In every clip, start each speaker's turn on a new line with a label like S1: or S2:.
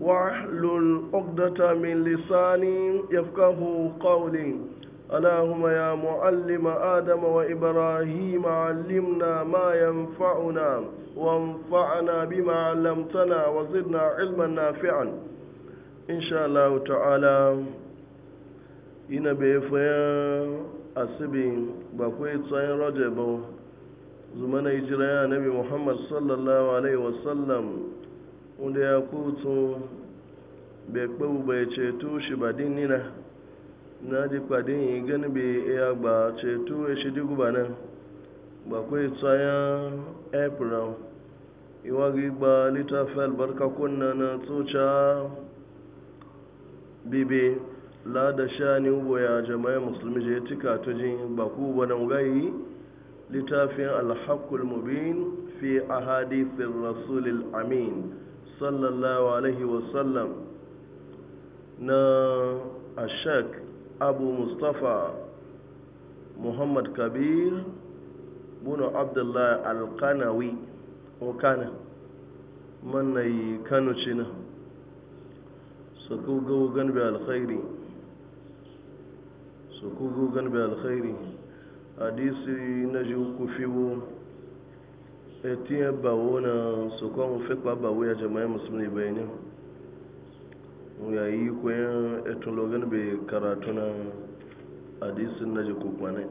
S1: واحلل عقدة من لساني يفقه قولي اللهم يا معلم آدم وإبراهيم علمنا ما ينفعنا وانفعنا بما علمتنا وزدنا علما نافعا إن شاء الله تعالى ina bai faya asibin ba kwai tsayin rajabau zuma na hijira ya nabi muhammad sallallahu alaihi wasallam wanda ya kutu bai kpau bai ceto shi ba din nina na ji kwadin yi gani bai iya e e ba ceto ya shi digu ba nan ba kwai tsayan april iwa gba littafin barka kunna na tsoca bibe la da ni ubo ya jama'a musulmi je tika to jin ba ku ba nan gayi littafin alhaqul mubin fi ahadithir rasulil amin sallallahu alaihi wa sallam na ashek abu mustapha muhammad kabir bunu abdullahi alkanawi okana manayi kano cina su kugu ganbe alkhairi su kugu ganbe alkhairi hadisi na ji uku fiwo etiye bawo na su kwan fikpa bawo ya jama'i musulmi bayanin yayi koyan etologan bai karatu na hadisin na ne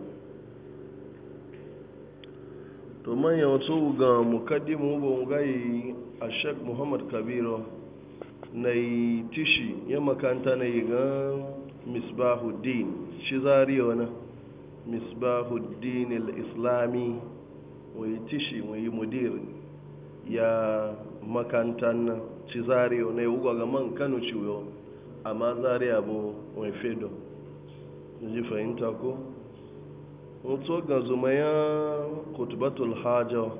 S1: to manya wasu ga mukaddimu ba mu gayi a shek muhammad kabiru na yi tishi ya makanta na yi ga misbahuddin shi zari wani misbahuddin al-islami tishi mai mudir ya makantan nan ci zariyo na yau ga man kano ciwo amma zariya bu wani fedo ji fahimta ko wato ga zumaya kutubatul hajja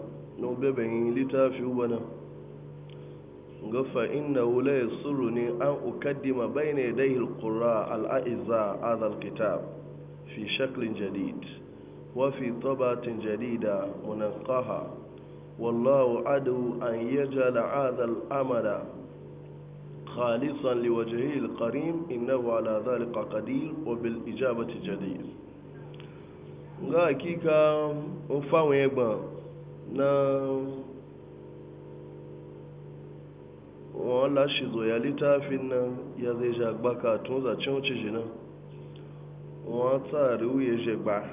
S1: na bebayin littafi ubana ga fa'in na ya tsuru ne an ukaddima bai ne dai hilkura al'a'iza azal kitab fi shaklin jadid fi tabatin jadida munakaha والله عدو أن يجعل هذا الأمر خالصا لوجهه القريم إنه على ذلك قدير وبالإجابة جدير ga hakika o fawon na wọn lashe zoya littafin na ya zai jagba katun zacen wuce na wọn tsari wuye gba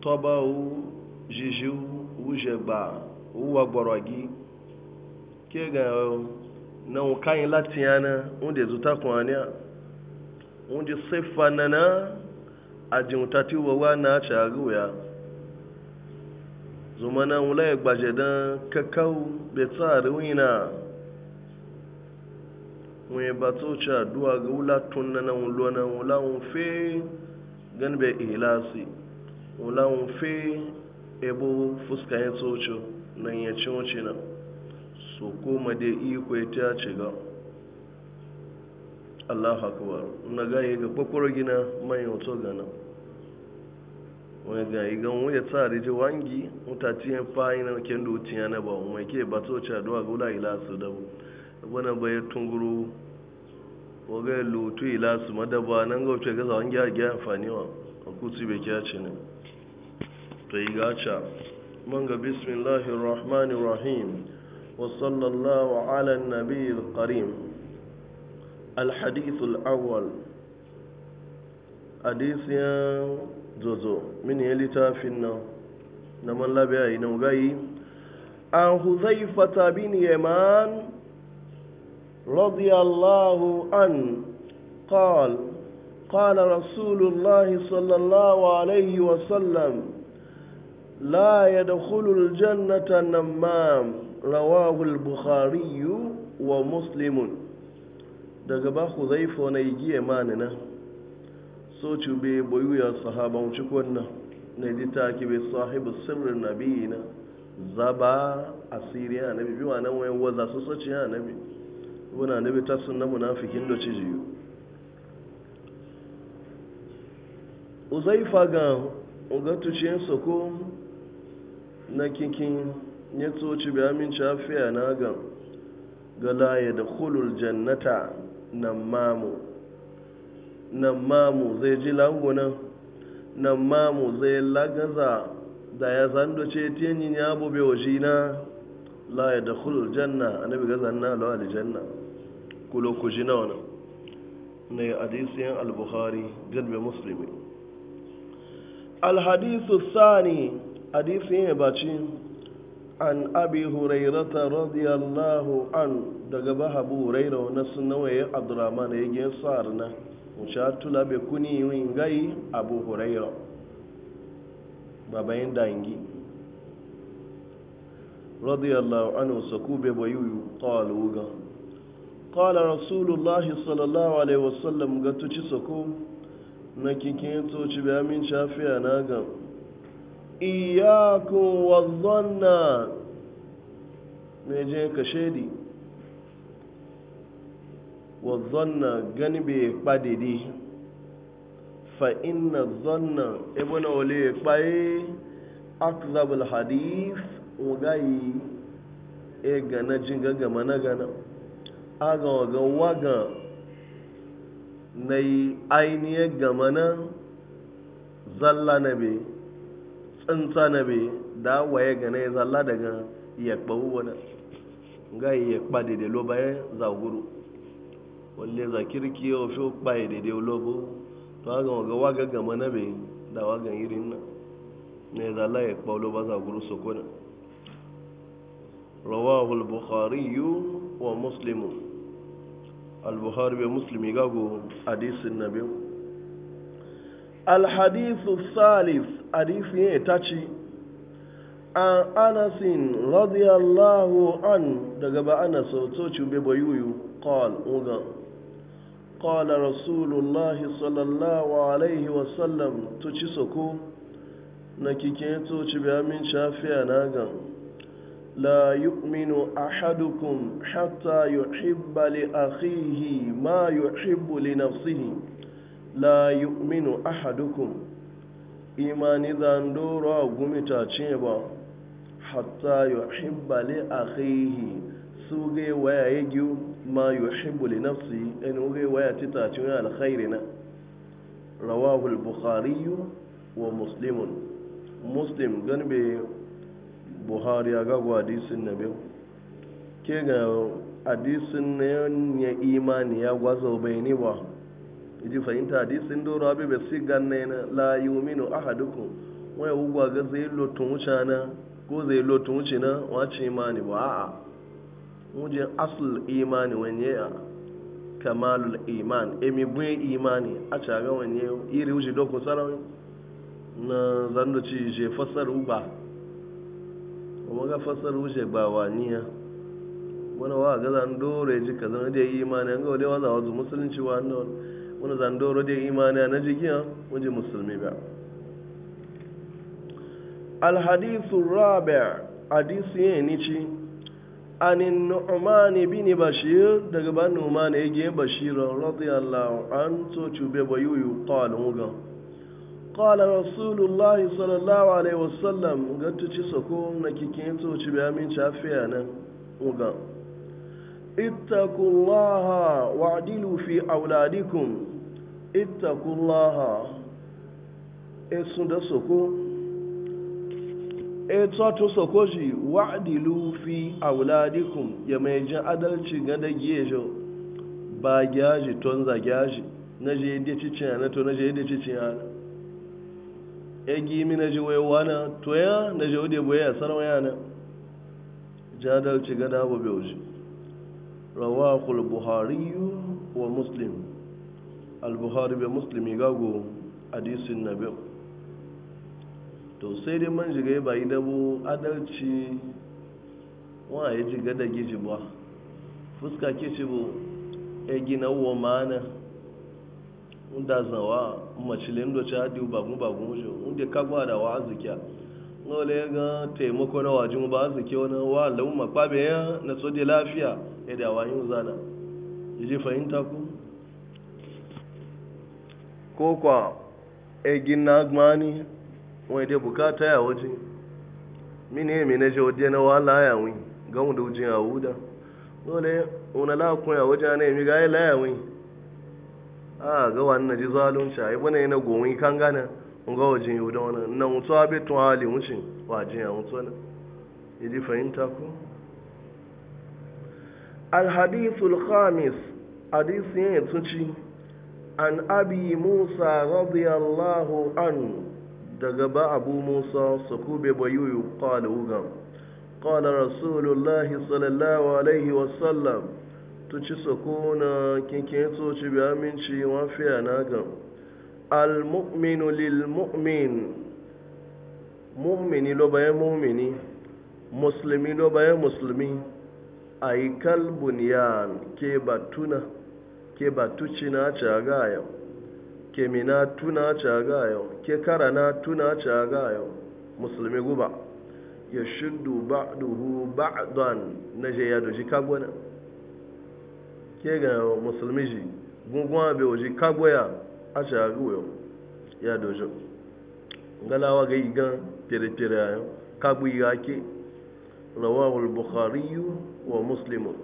S1: tọba wu jiji wuje ba uwa gboragi ke ga na wukayin lati yana wanda ya zuta kwaniya wanda siffa na na a jimtati wawa na caguya zuma na wula ya gbaje don kakau bai tsari wina wani ba tsoci aduwa ga wula tun na nan wula na wula wunfe gan bai ilasi wula wunfe ebo fuska ya tsoci nan ya ci wace nan so koma da iko ya ta ce ga allah akbar na gaye ga kwakwaro gina manyan wato gana wani gaye ga wani ya tsari ji wangi mutatiyan fayin na kendo tiya na ba mai ke ba tsoci a duwa gula ila su da wani bayan tunguru wagai lotu ila su madaba nan ga wuce gaza wangi a gya amfani wa a kutu bai kya ce ne تيغاچا مانغا بسم الله الرحمن الرحيم وصلى الله على النبي الكريم الحديث الاول حديث يا زوزو من يليتا فينا نمن لا بي اي نو غاي عن حذيفة بن يمان رضي الله عن قال قال رسول الله صلى الله عليه وسلم La ya da لا يدخل الجنة النمام رواه wa ومسلم daga ba ku zai fona yi manina so ci be boyu ya sahaban cikon nan na ji ta ki be sahibu sirrin nabi na zaba asiri ya nabi biwa nan wayan waza su soci ya nabi wuna nabi ta sun na munafikin da ciji uzaifa ga ugatuciyar sokon na kinkin ya tsoci bi aminci afiya na ga gala ya da kulul jannata nan mamu nan mamu zai ji langunan nan mamu zai lagaza da ya zando ce tiyanin ya bube wa shi na la ya da kulul janna a annabi gaza na lawa da janna kulo ku ji na wani ne hadisiyan al-bukhari jadbe muslimi al-hadisu sani حديث يباتي عن أبي هريرة رضي الله عنه دقبها أبو هريرة ونسنا ويا عبد الرحمن يجي صارنا وشاتو لابكوني وينغاي أبو هريرة babayin dangi radiyallahu anhu sakube bayuyu qalu ga qala rasulullahi sallallahu alaihi wasallam ga tuci sako na kikin toci bi min shafiya na ga iyakun zonna, mai je ka shaidi zonna gani bai kpadidi fa inna zonna ibn ole kpaye akzabul hadith ugayi e gana jin gagama na gana aga waga waga na yi ainihin e gama na zalla na bai tsantsa na bai da waye gane ya zalla daga ya kpawo wani ga ya kpa daidai lo bayan zaguru wale za kirki yau fi kpa ya daidai lo bu to haka waga waga gama na bai da waga irin na ya zalla ya kpa lo ba zaguru sokona رواه البخاري bai muslimi gago hadisin na biyu? الحديث الثالث hadithi yenye tachi an anasin radiyallahu an daga ba anasa tsoci beba yuyu kawal ugan kawala rasulullahi sallallahu alaihi wasallam tuci soko na kike tsoci bi amin shafiya na gan la yu'minu ahadukum hatta yuhibba li akhihi ma yuhibbu li nafsihi la yu'minu ahadukum imani zandoro a gumita ce ba hatta yuhibba a akhihi su gai waya ya giyu ma yuhibbu li nafsi in gai waya tita ce alkhairi na rawahul al wa muslimun muslim buhari ya hadisun na biyu ke ga hadisun ne ya imani ya gwazo bai ne ba iji fahimta hadisin doro abu bai si ganne na la yuminu ahadukum waya ugwa ga zai lotun wuce na ko zai lotun wuce na wace imani ba a'a mujin asul imani wani ya kamalul iman emi imani a caga wani iri wuce dokun sarawin na zando je fasar ugba kuma ga fasar wuce ba waniya wani wa ga zan dore ji ka zan da imani an ga wale musulunci wa wani wani zando da imani na jigiya wajen musulmi ba alhadisu rabia hadisu yin nici anin nu'mani bin bashir daga ban nu'mani giyar bashir radiyallahu an to cube bayuyu kawalin muga qala rasulullah sallallahu alaihi wasallam gattu ci sako na kikin to cube amin chafiya nan muga ittaqullaha wa'dilu fi auladikum ittakullaha esun da soko e tsoto soko ji wa'dilu fi auladikum ya mai jin adalci ga da giyejo ba gyaji ton za gyaji na je yadda cicin na to na je yadda cicin ya e gi mi na je waye wana to ya na je wade boye sarwa ya na jadalci gada da bo bewji rawahul buhari wa muslim albuhari bai musulmi gago hadisin nabi to sai dai man jigai ba yi dabo adalci wa ya ji gada giji ba fuska ke ci bu ya gina wa ma'ana inda zawa macilin doce hadi bagun bagun wuce inda kagwa da wa arzikiya wale ga taimako na wajen ba arziki wani wa lauma kwabe ya na so eh, da lafiya ya da wayin zana ya ji fahimta ku ko kwa egin na gbani wani da bukata ya waje mini emi na jawo na wala ya da ujin a wuda dole wani ya waje na ga ya laya a ga wani na ji zalunci a ibi na yi na gomi kan gana yau da wani na mutu hali ya mutu na idi fahimta ko an abi musa radiyallahu an daga ba abu musa su kube bayuyu kwale wugan kwale rasulullahi sallallahu alaihi wasallam tuci sokona kinkin toci bi aminci wafiya na gan al-mu'minu lil-mu'min mu'mini lo bayan mu'mini musulmi lo bayan musulmi a kal kalbun ke batuna ke batuci na caga yau ke mina tuna caga yau ke karana na tuna caga yau musulmi guba ya shuddu ba'duhu ba'dan na je ya doji kagwana ke ga musulmi ji gungun bai waje kagwaya a caga ya dojo ngalawa ga igan tere-tere yau kagbu ya ke rawahul bukhariyu wa muslimun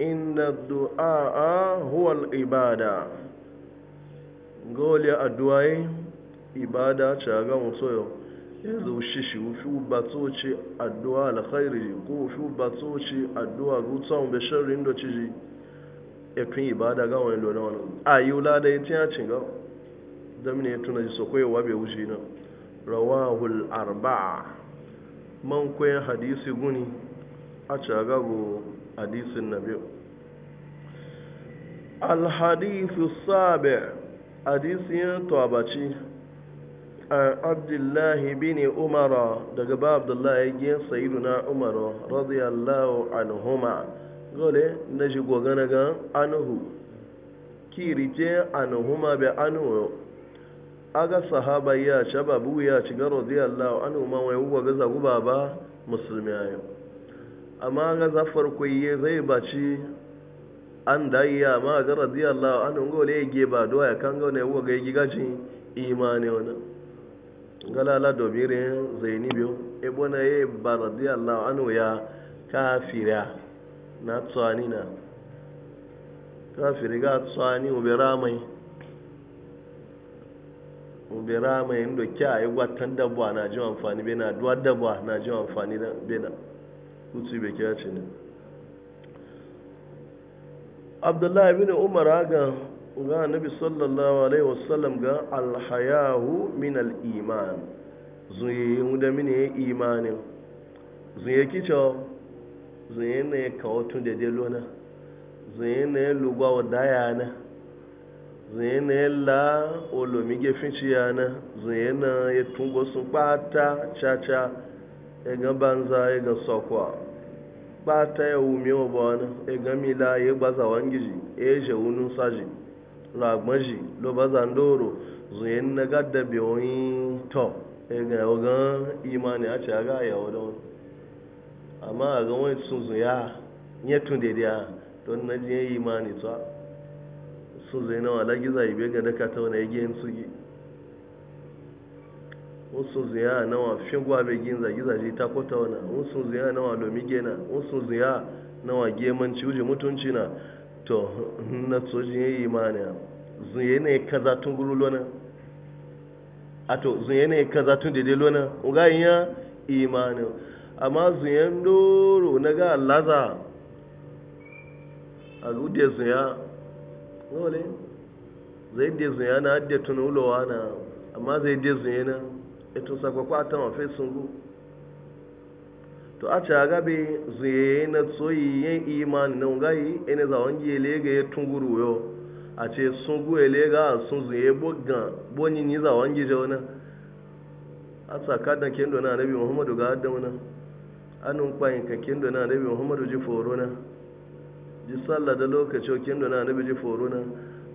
S1: inda du'a huwa al-ibada a addu'ai ibada ce ga ya yanzu shishi wufi bato ce duwa alkhairi ko wufi bato ce addu'a gutsan be sharrin do ji ya fi ibada ga wani lona wani wula da yace ya ga da ya tuna ji sokoye wa bai wuce na rawahul arba'a man koyan hadisi guni a ce a go حديث النبي الحديث السابع حديث توابتي عن عبد الله بن عمر دغبا عبد الله يجي سيدنا عمر رضي الله عنهما قال نجي غنغا عنه kirite anuhuma bi anu aga sahaba ya shababu ya shiga radiyallahu anhu ma wai uwa gaza guba ba musulmi ayo amma ga zafar kwaye zai baci an da yi amma ga radiyallahu anhu ga wale yage ba do ya kan ga ne wo ga yi gaji imani wannan galala dobire zaini biyo e bona ye ba radiyallahu anhu ya kafira na tsani na kafiri ga tsani ubera mai ubera mai ndo kya yi e gwatan dabwa na ji amfani bena duwa dabwa na ji amfani bena kuci bai kya ce ne abdullahi bin umar aga ga nabi sallallahu alaihi wasallam ga alhayahu min al-iman yi da mini imanin zuyi kicho na ya kawo tun da dai lona na ya lugwa wa dayana na ya la olomi gefinciya na yi na ya tungo sun kpata caca ega banza ega sokwa bata ya ume wa bwana ega mila ya gbaza wangiji eje unu saji lagmaji lo baza ndoro zuyen na gadda biyoyin to ega ogan imani a ce aga ya wadon amma a ga wani sun zuya ya tun daidai don na jiyan imani to sun zai nawa lagiza ibe ga daka ta wani ya su gi wasu ziya nawa wa fingwa begin zage-zage ta kota wana wasu ziya nawa wa lomige na wasu ziya nawa gemanci wuce mutunci na to na tsojin yi imani zuye ne kaza tun guru lona a to zuye ne kaza tun daidai lona uga ya imani amma zuyen doro na ga laza a gude zuya wale zai de zuya na adde tunulowa na amma zai de zuya na eto sakwakwa atan ofe sungu to a ci agabe zuye na tsoyi yin imani na ungayi ene za wangi elega ya tunguru yo a ce sungu elega sun zuye bogan bonyi ni za wangi jauna a tsakadan kendo na nabi muhammadu ga adauna anun kwayin ka kendo na nabi muhammadu ji foro na ji sallah da lokaci kendo na nabi ji foro na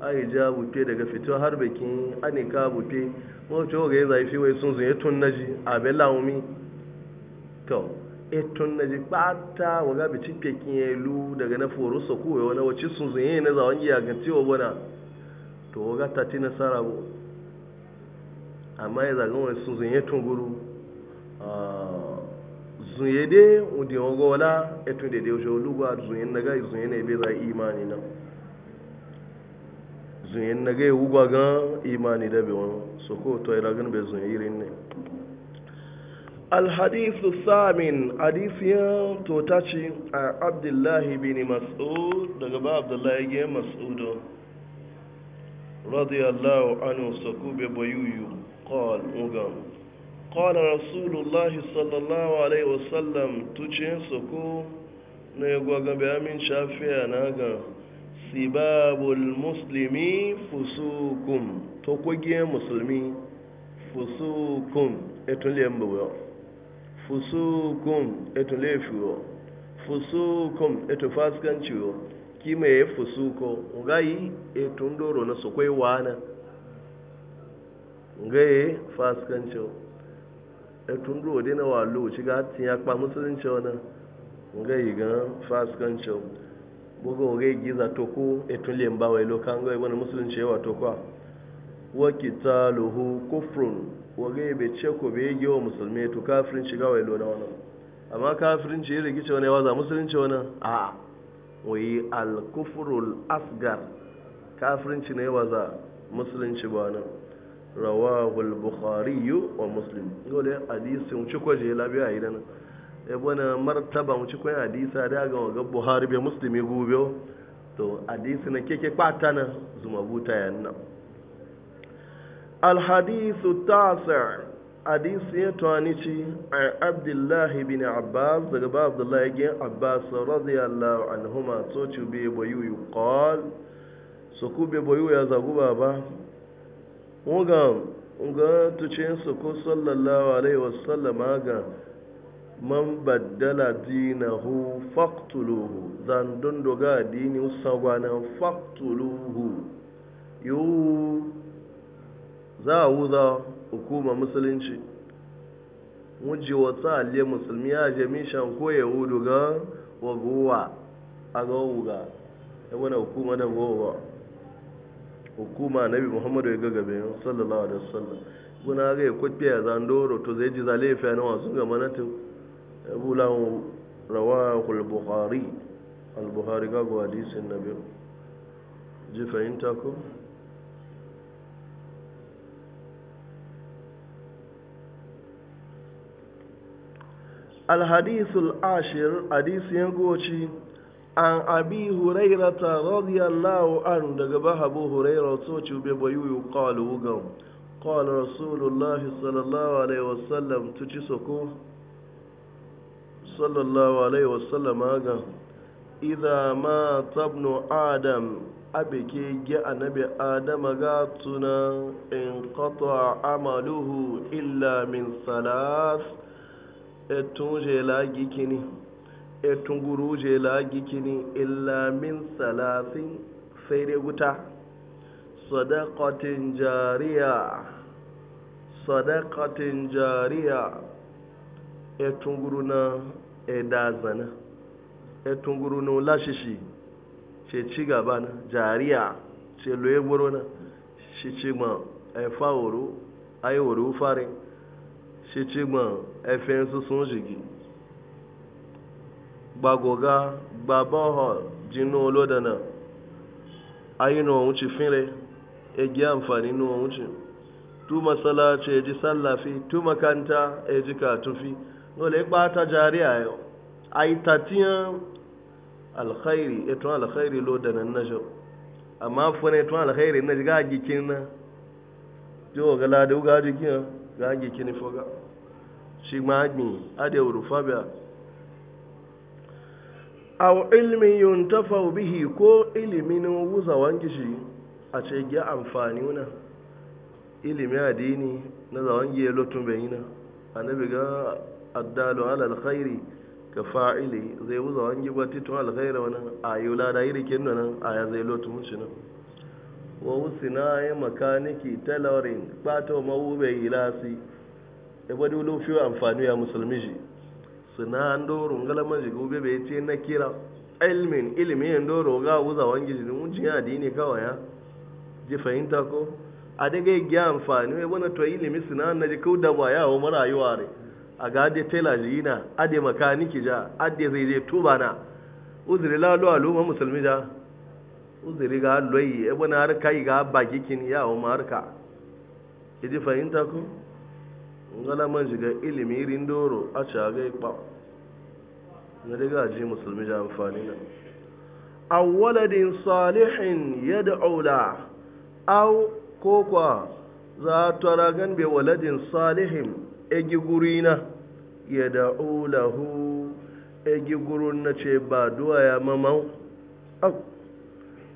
S1: aija bufe daga fito har bikin anika bufe wacce ga ya zaifi wai sun zuye tun naji abe laumi to e tun naji bata waga bi cike kin yelu daga na foro so ku wani wacce sun zuye na zawon giya ga ciwo bona to waga ta ti nasara bo amma ya zagan wani sun zuye tun guru ah, zuye de udi wagola etun de de ojo lugwa zuye naga zuye ne be za imani na zunye na ga yi gwaga imani da biyu su koto ya ragin bai zunye irin ne alhadisu samin hadisiyar tota ce a abdullahi bin Mas'u daga ba abdullahi ya yi mas'udu radiyallahu anu su ku bai bayuyu kawal mugan kawal rasulullahi sallallahu alaihi wasallam tuce su ko na ya gwaga bai amince afiya na ga. sibabul muslimi fusukum to kogiye musulmi fusukum etun le mbawo fusukum etun le fiwo fusukum etu faskan ciwo kima ya fusuko ngai etun doro na su kwai wana ngai faskan ciwo etun doro dina wa lo shiga ya pa musulunci wana ngai ga faskan ciwo buga wa gai giza to ko etun lemba ilo lokan gai wani musulunci yawa to kwa wa lohu kufrun wa gai be ce ko be yi wa musulmi to kafirin shiga ilo lona wani amma kafirin ci rigi ce wani waza musulunci wani a wai al asgar kafirin ce ne waza musulunci ba nan rawahul bukhari wa muslim dole hadisin ci kwaje labiya idan ya bane martaba mace kwaya hadisa da ga waga buhari bai musulmi gube to hadisi na keke kwata na zuma buta yan nan alhadisu tasa hadisi ya tuwani ci a abdullahi bin abbas daga ba abdullahi gen abbas radiyallahu anhuma so ci bi bayu yi kwal so ku bi bayu ya zagu ba ba wogan ga tuce su ku sallallahu alaihi wasallama ga man baddala dinahu faqtuluhu zan don doga dini sagwanan faqtuluhu yiwu za a wuza hukuma musulunci wuji wata aliye musulmi ya je mishan ko ya wudu ga wagowa a ga wuga ya wani hukuma da gowa hukuma nabi muhammadu ya gagabe sallallahu alaihi wasallam guna ga ya kwafiya zandoro to zai ji zalefiya na wasu ga manatin abu lawon rawahul buhari al-buhari gago hadisin na biyu ji fahimta ko الحديث العاشر حديث ينقوشي عن أبي هريرة رضي الله عنه دقبها أبو هريرة صوتي ببيو يقال وقم قال رسول الله صلى الله عليه وسلم تجسكو sallallahu alaihi wasallam ga idha ma tabnu adam abike ge annabi adam ga tuna in qata amaluhu illa min salas etun je la gikini etun illa min salasin wuta jariya e na da zana e tunguru no lashishi ce ci gaba na jariya ce loye gboro na shi ci ma ayi efe nsusun jigi gbagoga gbabon ji jinu olodana ayi na ohun ci finre egi amfani na ohun ci tu masala ce ji sallafi tu makanta e ji katufi dole ba ta jariya yau a yi tatiyan alkhairi etun alkhairi lo da nan najo amma funa etun alkhairi na ga gikin na jo ga ladu ga gikin ga gikin foga shi ma gbin ade urufa biya aw ilmi yuntafa bihi ko ilimin wuza wangi shi a ce gi amfani wuna ilimi adini na zawangi ya lotun bayina annabi ga addalu ala alkhairi ka fa'ili zai wuza wangi gwati titun alkhairi wani a yi wula da iri kin nan a ya zai lotu mushi nan wa wusi na ya makaniki tailoring ɓata mawube ilasi ya bada wulu fiye amfani ya musulmi shi na an doro ngalaman shi gobe bai ce na kira ilmin ilimin yin doro ga wuza wangi shi mun cin addini kawai ya ji fahimta ko a daga yi amfani ya bana to ilimi suna na ji kau da ba ya wa marayuwa a gade ade tela ade makaniki ja ade zai je tuba na uzuri la lo musulmi ja uzuri ga loyi ebe na harka yi ga baki kin ya o ma harka idi fahimta ku. ngala man shiga ilimi irin doro a shaga ga ikpa na daga ji musulmi ja amfani na A waladin salihin ya da aw au kokwa za tara gan bi waladin salihin egi gurina ya da'u lahu egi gurun na ce ba duwa ya mamau au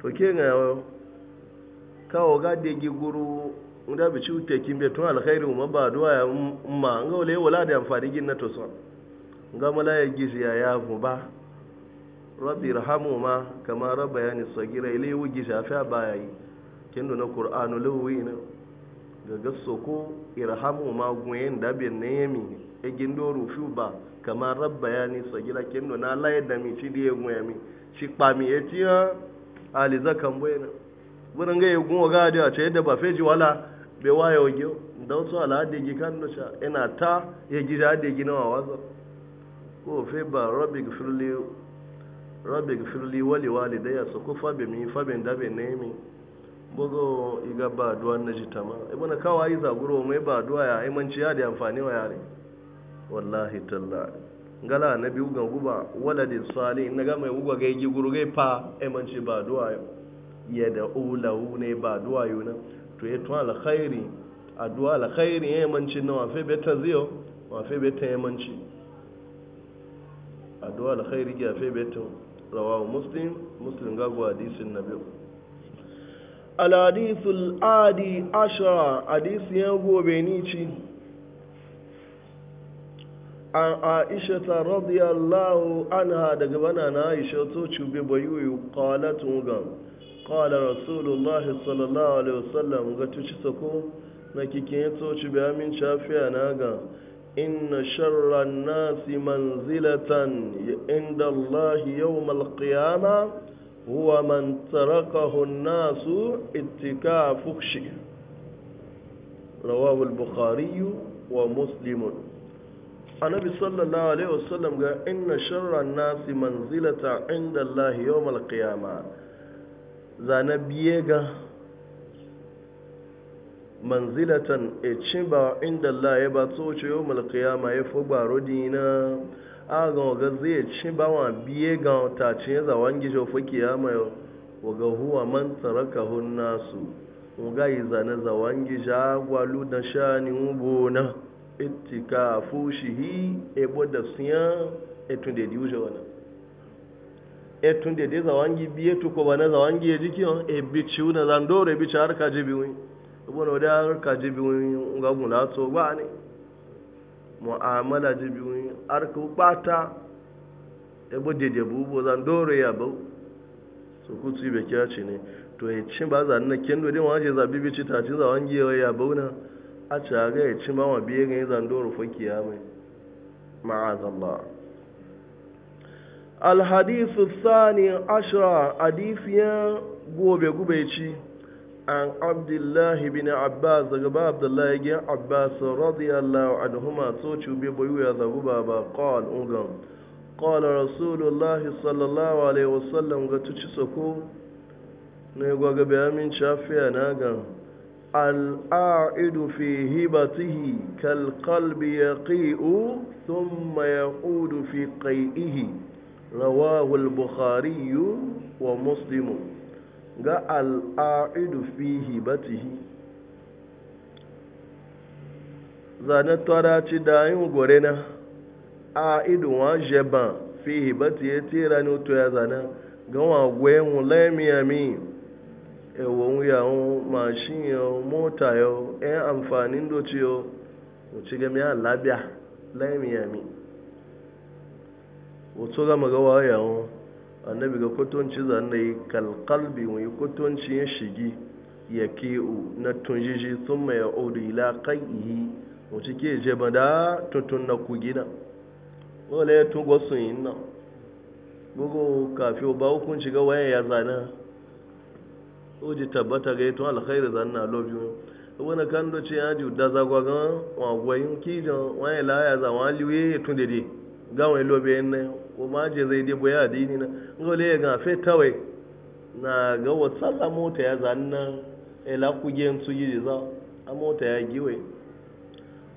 S1: to ke ga kawo ga da egi guru da bi ci ute kimbe tun alkhairu ma ba duwa ya ma ga wala wala da amfani gina na to so ga mala ya gizi ya ya mu ba rabbi rahamu ma kama rabbayani sagira ilai wugi shafi baya yi kin na qur'anu na gaga soko irhamu ma gwen da bin ne yami e gindo rufu ba kamar rabba ya ni sagila kendo na laye da mi fidi ya gwen mi shi kpami ya tiya aliza kan boye wurin ga ya gwen ga da ce yadda ba feji wala Bai waye ogyo da wasu ala da kan no sha ina ta ya gida da gi na wazo ko fe ba rabbi gfirli rabbi gfirli wali walidayya soko fa be mi fa ben da be ne mi gogo iga ba duwa na jita ma ibn kawa zaguro mai ba duwa ya imanci ya da amfani wa yare wallahi talla ngala na biyu ga guba waladin salih na ga mai guba gai giguru gai fa imanci ba duwa ya da ulawu ne ba duwa yuna to ya tuwa alkhairi addu'a alkhairi ya imanci na wafe beta ziyo wafe beta imanci addu'a alkhairi ya fe beta rawa muslim muslim ga hadisi nabi alhadisul adi ashara hadisi ya gobe ni ci an aisha ta radiyallahu anha daga bana na aisha to cube bayuyu qalatun gam qala rasulullah sallallahu alaihi wasallam ga tuci sako na kikin to cube amin shafiya na ga inna sharra nasi manzilatan inda allah yawm alqiyamah huwa man tarakahu nasu ittika fuhshi rawahu al-bukhari wa muslim annabi sallallahu alaihi wasallam ga inna sharra nasi manzilata inda Allah yawm al-qiyama zana biyega manzilatan e cimba inda Allah ya ba tsoce yawm al-qiyama ya fugbaro dina aga ga zai ci ba wa biye ga tace ya wangi jo fuki ya mai
S2: waga huwa man tsaraka hun nasu
S1: waga yi zane wangi ja gwalu da shani ubo na ittika fushihi ebo da siyan etun da diuje wana etun da za wangi biye to ko bana zawangi ya jiki on e bici una zandore bici har ka jibi wi na da har ka jibi wi ga na to ba ne mu'amala jibi wi arka kpata ebo dede bu bo ya bo so ku tsi kya ci ne to e cin ba zan na ken de wa za bibi ci ta ci za wangi ya bo na a e ga e cin ba wa biye ga zan dore fa kiya mai ma'azallah الحديث ashra عشر حديث يا غوبي chi. an abdullahi bin abbas daga ba abdullahi gin abbas radiyallahu anhuma so cube bayu ya zabu baba qal ungam qal rasulullah sallallahu alaihi wasallam ga tuci soko ne gwaga bi amin shafiya na ga al'a'idu fi hibatihi kal qalbi yaqi'u thumma yaqudu fi qai'ihi rawahu al-bukhari wa muslimu ga al'adu fi hibatihi zane tara ci da yin gore na a'idu wa jeban fi hibati ya tera ni to ya zane ga wa gwe mu lemiyami ewo ya o mashin e ya mota ya e amfanin doci ya mu ci gami alabiya ga wato ga gawa ya o annabi ga kwatonci yi kalkalbi mai kwatonci ya shigi ya ke'u na tunjiji sun mai ya'udu ila yi wacce ke ba da tuntun na kugina wale ya tun gwasu yin nan gugu kafi ba hukunci ga wayan ya zana oji tabbata ga yato alkhairu zanna lobi wani kan do ce yaji da zagwagan wagwayin kijin wayan laya ya zama liwe tun dede gawon lobe yin nan ko ma je zai dai ya dini na ngole ya ga fe tawe na ga watsalla mota ya zannan ila kugen su yi za a mota ya giwe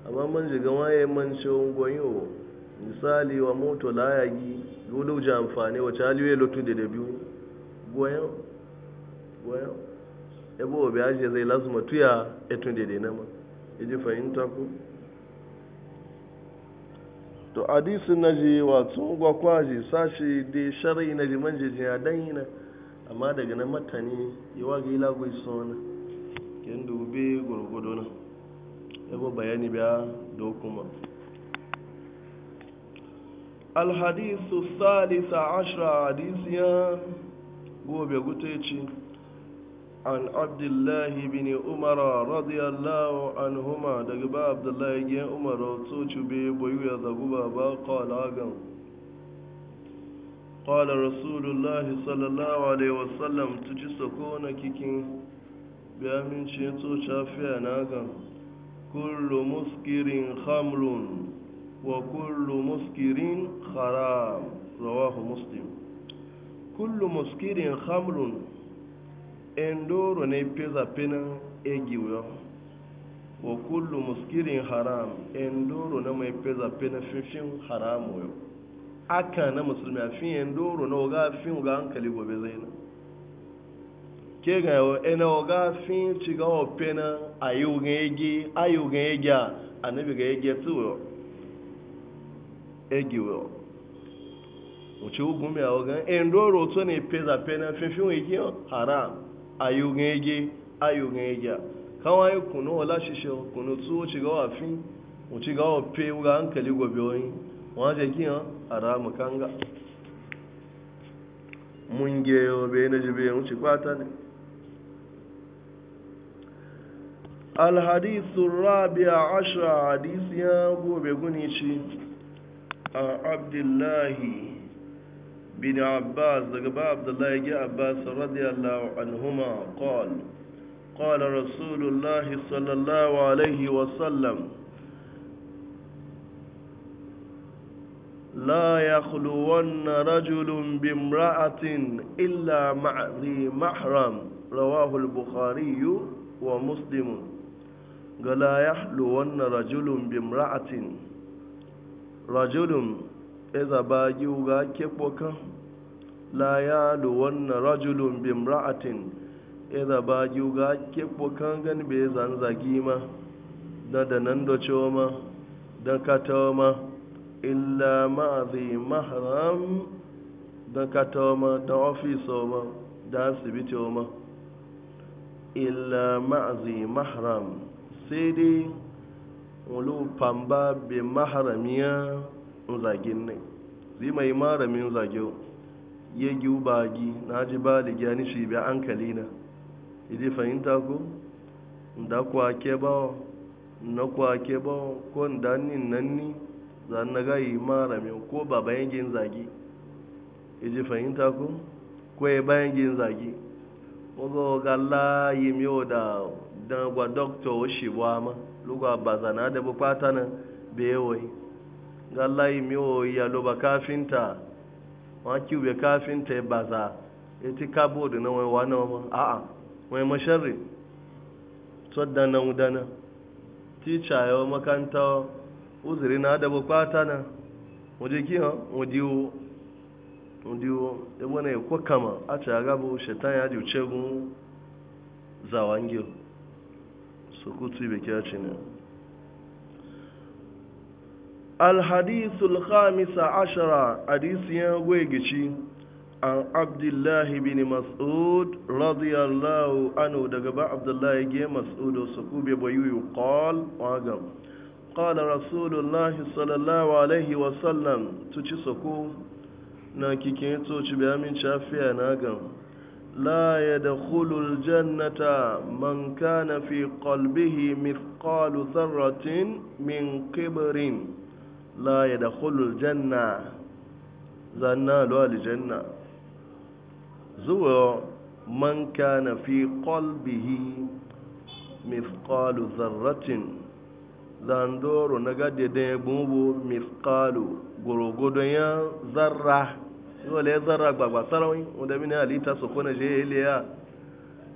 S1: amma man jiga waye man shon goyo misali wa moto la ya gi gudu ja amfani wace haliwe lotu da da biyu goyon goyon ebe obi aje zai lasu matuya etun da da nama iji fahimta ku to hadisin na ji wato gwakwa ji sashi da shari'i na ji manje ji a dan yana amma daga na matani yi wa gila gwai sona kin dube gurgudu na yabo bayani biya da kuma الحديث الثالث عشر حديث يا gobe guteci an abdullahi Bini umar radiyallahu anhuma daga ba abdullahi ya umar to cube boyu ya zagu ba ba qala gan rasulullah sallallahu alaihi wasallam to ci sokona kikin biya min ce to shafiya na muskirin khamrun wa kullu muskirin kharam rawahu muskirin khamrun endoro na ipeza pena egiwo wa kullu muskirin haram endoro na mai e peza pena fifin haramu yau aka na musulmi a fin endoro na oga fin ga hankali gobe zai na ke ga yau ena oga fin ci ga wa pena ayu ga egi ayu ga egi a annabi ga egi tu yau egiwo uchi ugun a waga endoro to ne peza pena fifin egi haram ayungege ayungege kawai kuno wala shishe kuno tsuwo ci gawa fi mu ci gawa pe wuga hankali gobe wani wajen gina a ramu kanga mun geyo bai na jibe mu ci kwata ne الحديث الرابع عشر حديث يا أبو بغنيشي عبد الله bin abbas daga ba abdullahi ya abbas radiyallahu anhuma qal قال رسول الله صلى الله عليه وسلم لا يخلون رجل بامرأة إلا مع ذي محرم رواه البخاري ومسلم قال لا يخلون رجل بامرأة رجل iza ba giwuga kekwokan la ya luwanna rajulun bin ra'atin. iza ba giwuga kekwokan gan be zanzagi ma da da nan da ma da katawa ma illa ma zai mahram da katawa ma da ofisa ma da asibiti ma illa ma zai mahram sai dai wani pamba bin mahramiya zagin ne zai mai maramin zagin ya gi na ji baligi gani shi bi hankali na idi fahimta ko da kwa ke ba na kwa ke ba ko da nin nan ni za na ga yi maramin ko ba bayan gin zagi idi fahimta ko ko ya bayan gin zagi ko ga la yi miyo da dan gwa doctor shi wa ma lugwa bazana da bukata na bewai gallayi miwo ya loba kafinta wa kiwe kafinta ya baza eti kabod na wani wani wa a'a wai masharri tsoddana udana tica ya makanta uzuri na adabo kwata na waje kiha wadiwo wadiwo ya wani ya kwa kama a ci agabo shetan ya diuce gun zawangiyo su kutu ibe kya ci ne الحديث الخامس عشر حديث يوغيشي عن عبد الله بن مسعود رضي الله عنه دقبا عبد الله بن مسعود وسكوب بيوي قال وقال قال رسول الله صلى الله عليه وسلم تشي سكو ناكي كيتو تشبيامين شافيا ناقم لا يدخل الجنة من كان في قلبه مثقال ذرة من كبر la ya da hulul janna zanna lwali janna zuwa man kana fi qalbihi mifqalu zarratin zandoro na gade da ya gbogbo mifqalu gorogodon ya zarra yau ya zarra gbagba sarawin wanda mini halitta su kone je ya ile ya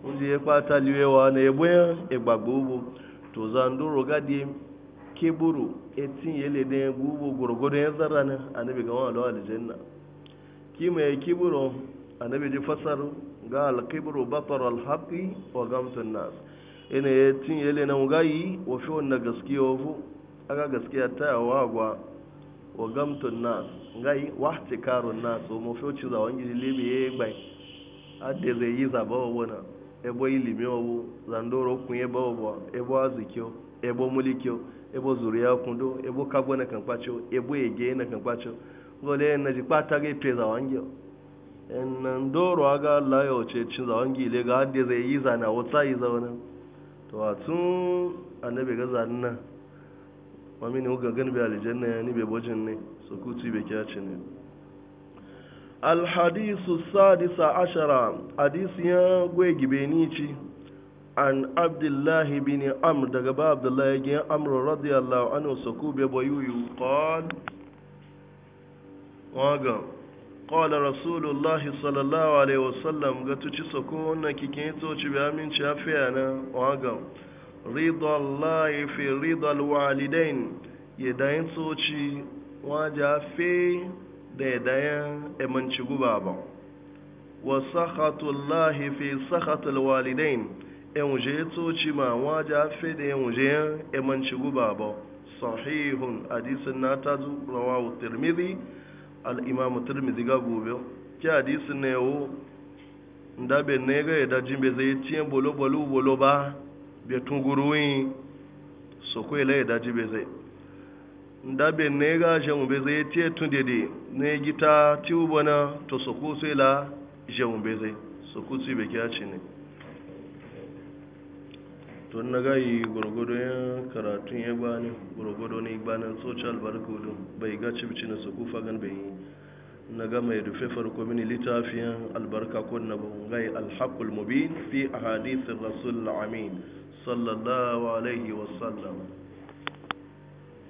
S1: wanda ya kwata liwewa na ya boyan igbagbo to zandoro gade keburu etinyele da ya gugu gurgudu ya zarra ne annabi ga wani alawar aljanna kima ya kiburu annabi ji fasar ga alkiburu batar alhaqi wa gamtun nas ina ya tinyele na ugayi wa fi na gaskiya wafu aka gaskiya ta yawa agwa wa gamtun nas ngai wa tikarun nas wa mafi wacce zawon gidi lebe ya yi gbai adda zai yi zaba wa wana ebo ilimi wa bu zandoro kun ya ba wa ebo azikiyo ebo mulikyo ebo ya okundo ebo kabo na kan kwacho ege na kan kwacho gole na ji pata ga pe za wangyo en nan aga la yo che chin za wangi le ga de ze yi za na wata yi za to a tun annabi ga za nan wa min uga gan bi aljanna ni be bojin ne su kuti be kya ne الحديث السادس عشر حديث يا غوي an abdullahi bin amr daga ba abdullahi gin amr radiyallahu anhu saku be boyuyu qal waga qala rasulullah sallallahu alaihi wasallam ga tuci saku wannan kike to ci be aminci afiya na waga ridallahi fi ridal walidain yedayin soci waja fe da yedayin emanci guba ba wa sakhatullahi fi sakhatul walidain yan ya toci ma waje afe da yan wuje yan emanci guba ba sahihun hadisin na ta zu rawawu tirmidhi al-imam tirmidhi ga gobe ki hadisin ne wo ndabe ne ga da jimbe zai tiyan bolo bolo bolo ba be tunguruwi so ko ile da jimbe zai ndabe ne ga jamu be zai tiye tun dede ne gita tiubona to so ko sai la jamu be zai so ku ci be kya ci ne to na gayi gwargwado ya karatun ya bani gwargwado ne banin social barcode bai ga cibici na su kufa gan bai na ga mai rufe farko mini littafin albarka ko na bin gai alhaqul mubin fi ahadithir rasul amin sallallahu alaihi wasallam